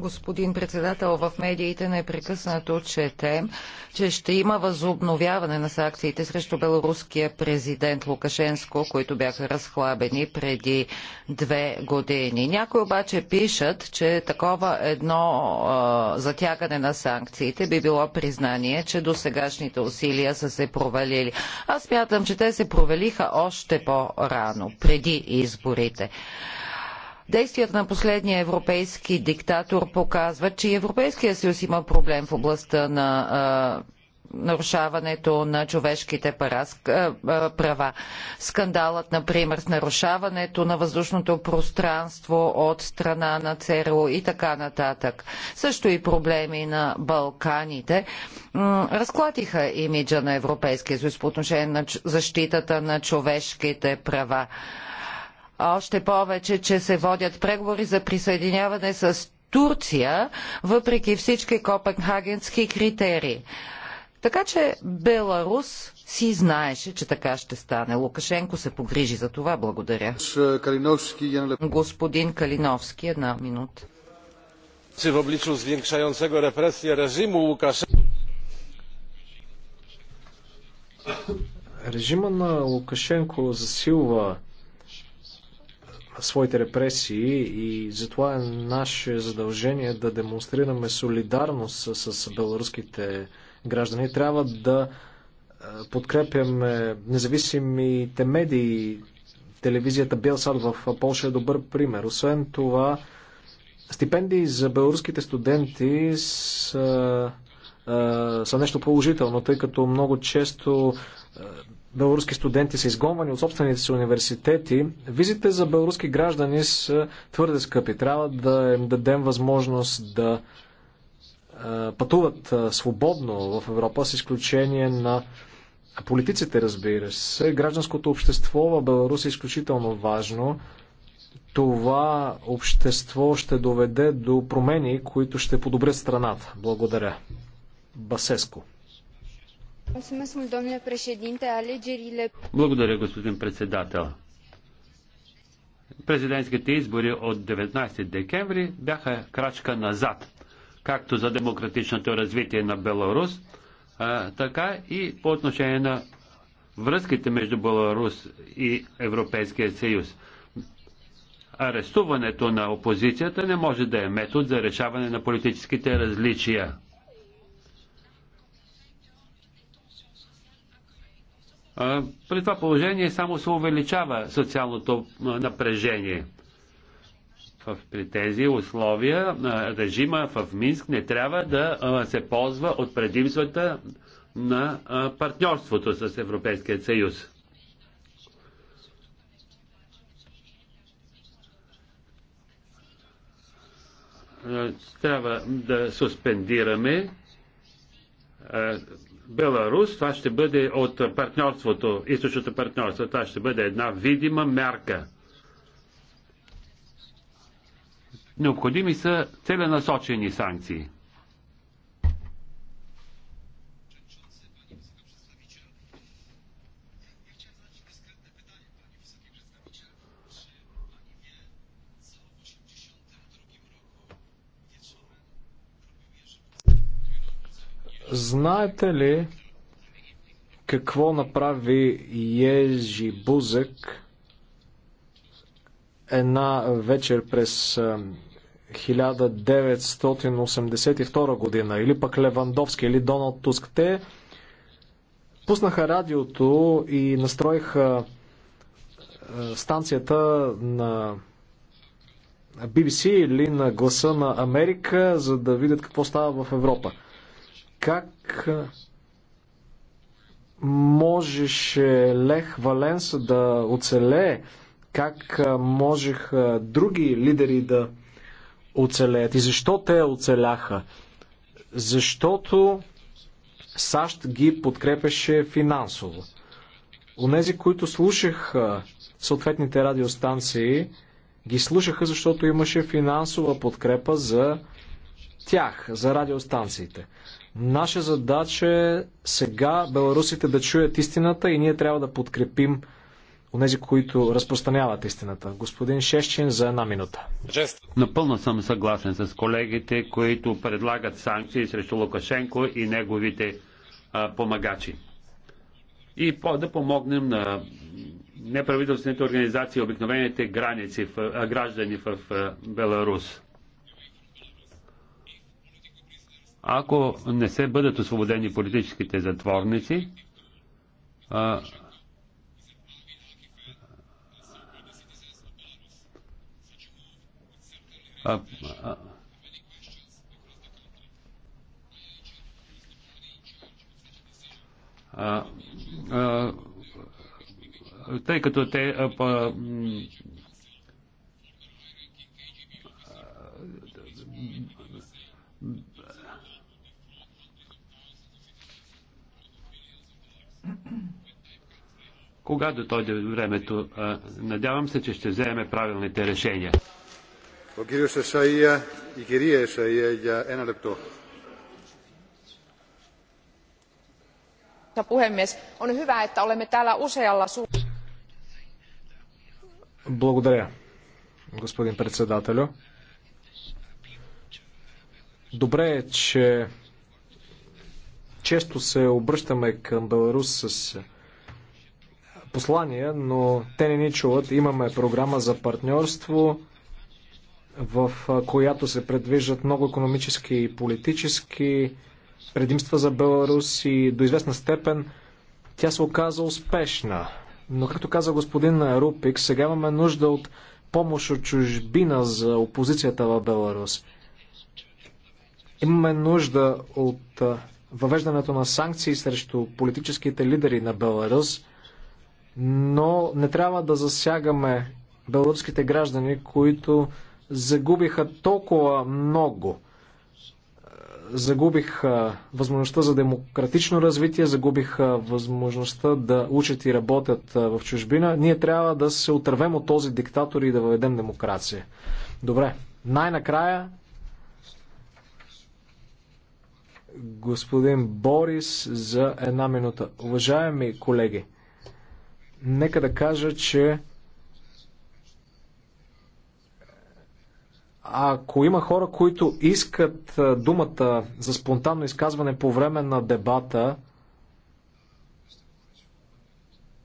Speaker 3: Господин председател, в медиите непрекъснато четем, че ще има възобновяване на санкциите срещу беларуския президент Лукашенско, които бяха разхлабени преди две години. Някои обаче пишат, че такова едно а, затягане на санкциите би било признание, че досегашните усилия са се провалили. Аз мятам, че те се провалиха още по-рано, преди изборите. Действията на последния европейски диктатор показват, че и Европейския съюз има проблем в областта на нарушаването на човешките права. Скандалът, например, с нарушаването на въздушното пространство от страна на ЦРУ и така нататък. Също и проблеми на Балканите разклатиха имиджа на Европейския съюз по отношение на защитата на човешките права. Още повече, че се водят преговори за присъединяване с Турция, въпреки всички копенхагенски критерии. Така че Беларус си знаеше, че така ще стане. Лукашенко се погрижи за това. Благодаря. Господин Калиновски, една минута.
Speaker 6: W obliczu zwiększającego reżimu Łukaszenki.
Speaker 7: Режима на Лукашенко засилва своите репресии и затова е наше задължение да демонстрираме солидарност с, с беларуските граждани. Трябва да е, подкрепяме независимите медии. Телевизията Белсад в Польша е добър пример. Освен това, стипендии за белоруските студенти са, е, са нещо положително, тъй като много често е, белоруски студенти са изгонвани от собствените си университети, визите за белоруски граждани са твърде скъпи. Трябва да им дадем възможност да е, пътуват е, свободно в Европа, с изключение на политиците, разбира се. Гражданското общество в Беларус е изключително важно. Това общество ще доведе до промени, които ще подобрят страната. Благодаря.
Speaker 8: Басеско. Благодаря, господин председател. Президентските избори от 19 декември бяха крачка назад, както за демократичното развитие на Беларус, така и по отношение на връзките между Беларус и Европейския съюз. Арестуването на опозицията не може да е метод за решаване на политическите различия. При това положение само се увеличава социалното напрежение. При тези условия режима в Минск не трябва да се ползва от предимствата на партньорството с Европейския съюз. Трябва да суспендираме Беларус, това ще бъде от партньорството, източното партньорство, това ще бъде една видима мярка. Необходими са целенасочени санкции.
Speaker 7: Знаете ли какво направи Ежи Бузек една вечер през 1982 година, или пък Левандовски, или Доналд Туск. Те пуснаха радиото и настроиха станцията на BBC или на гласа на Америка, за да видят какво става в Европа. Как можеше Лех Валенс да оцелее? Как можеха други лидери да оцелеят? И защо те оцеляха? Защото САЩ ги подкрепеше финансово. Онези, които слушаха съответните радиостанции, ги слушаха, защото имаше финансова подкрепа за тях, за радиостанциите. Наша задача е сега беларусите да чуят истината и ние трябва да подкрепим онези, които разпространяват истината. Господин Шещин за една минута.
Speaker 8: Напълно съм съгласен с колегите, които предлагат санкции срещу Лукашенко и неговите а, помагачи. И по- да помогнем на неправителствените организации, обикновените граници, в, а, граждани в а, Беларус. Ако не се бъдат освободени политическите затворници, а, а, а, а, а, тъй като те а, а, Когато дойде времето, надявам се, че ще вземе правилните решения.
Speaker 6: arvoisa
Speaker 2: puhemies on hyvä että olemme täällä usealla
Speaker 7: Благодаря, господин председателю. Добре е, че често се обръщаме към Беларус с послания, но те не ни чуват. Имаме програма за партньорство, в която се предвиждат много економически и политически предимства за Беларус и до известна степен тя се оказа успешна. Но както каза господин Рупик, сега имаме нужда от помощ от чужбина за опозицията в Беларус. Имаме нужда от въвеждането на санкции срещу политическите лидери на Беларус, но не трябва да засягаме беларуските граждани, които загубиха толкова много. Загубиха възможността за демократично развитие, загубиха възможността да учат и работят в чужбина. Ние трябва да се отървем от този диктатор и да въведем демокрация. Добре, най-накрая господин Борис за една минута. Уважаеми колеги, нека да кажа, че ако има хора, които искат думата за спонтанно изказване по време на дебата,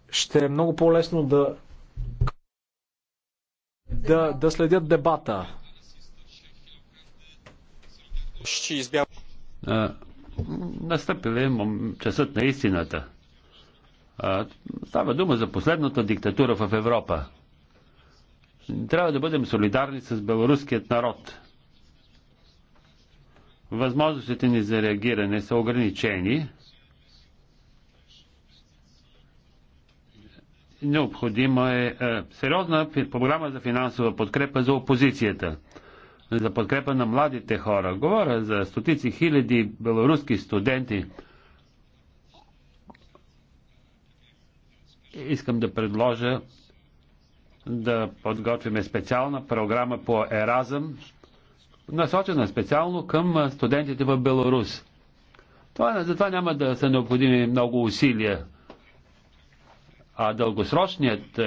Speaker 7: ще е много по-лесно да, да, да следят
Speaker 8: дебата настъпил е часът на истината. Става дума за последната диктатура в Европа. Трябва да бъдем солидарни с беларуският народ. Възможностите ни за реагиране са ограничени. Необходима е, е сериозна програма за финансова подкрепа за опозицията за подкрепа на младите хора. Говоря за стотици хиляди белоруски студенти. Искам да предложа да подготвиме специална програма по Еразъм, насочена специално към студентите в Беларус. Това, за това няма да са необходими много усилия. А дългосрочният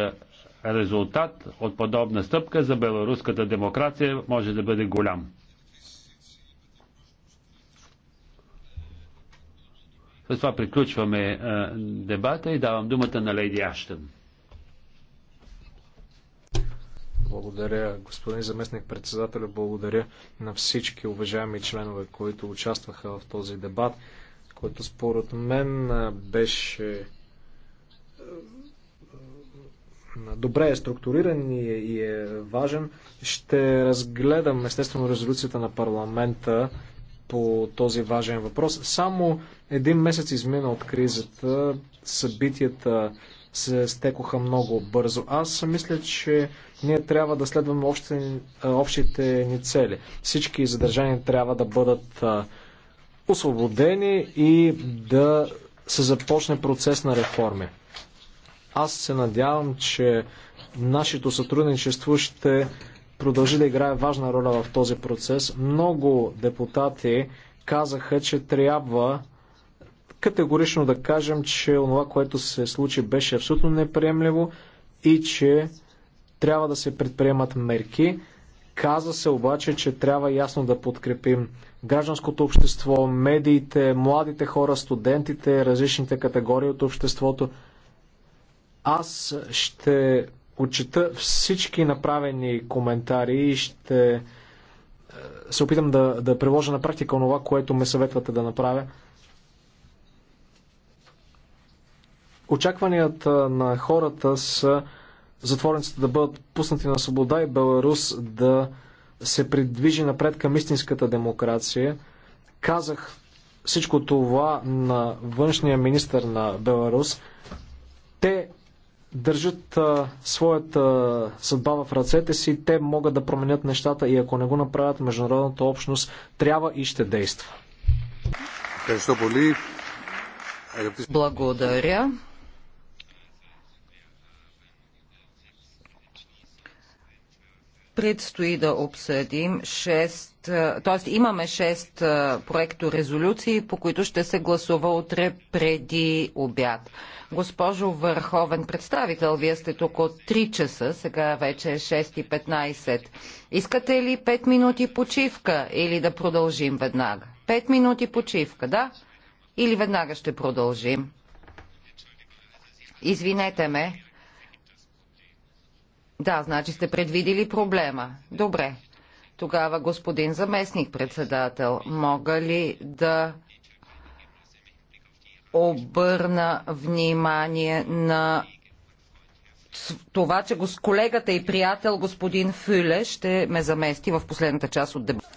Speaker 8: резултат от подобна стъпка за беларуската демокрация може да бъде голям. С това приключваме а, е, дебата и давам думата на Лейди Аштън.
Speaker 7: Благодаря, господин заместник председателя. Благодаря на всички уважаеми членове, които участваха в този дебат, който според мен е, беше е, добре е структуриран и е, и е важен. Ще разгледам естествено резолюцията на парламента по този важен въпрос. Само един месец измина от кризата, събитията се стекоха много бързо. Аз мисля, че ние трябва да следваме общите, общите ни цели. Всички задържани трябва да бъдат е, освободени и да се започне процес на реформи. Аз се надявам, че нашето сътрудничество ще продължи да играе важна роля в този процес. Много депутати казаха, че трябва категорично да кажем, че това, което се случи, беше абсолютно неприемливо и че трябва да се предприемат мерки. Каза се обаче, че трябва ясно да подкрепим гражданското общество, медиите, младите хора, студентите, различните категории от обществото. Аз ще отчета всички направени коментари и ще е, се опитам да, да приложа на практика това, което ме съветвате да направя. Очакванията на хората са затворниците да бъдат пуснати на свобода и Беларус да се придвижи напред към истинската демокрация. Казах всичко това на външния министр на Беларус. Те държат а, своята съдба в ръцете си, те могат да променят нещата и ако не го направят, международната общност трябва и ще действа.
Speaker 3: Благодаря. Предстои да обсъдим 6, т.е. имаме 6 проекто резолюции, по които ще се гласува утре преди обяд. Госпожо Върховен представител, вие сте тук от 3 часа, сега вече е 6.15. Искате ли 5 минути почивка или да продължим веднага? 5 минути почивка, да? Или веднага ще продължим? Извинете ме. Да, значи сте предвидили проблема. Добре. Тогава, господин заместник председател, мога ли да обърна внимание на това, че го с колегата и приятел господин Фюле ще ме замести в последната част от дебата.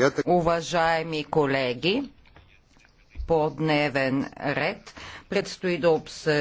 Speaker 3: Е Уважаеми колеги, по дневен ред. Предстои да обсъдим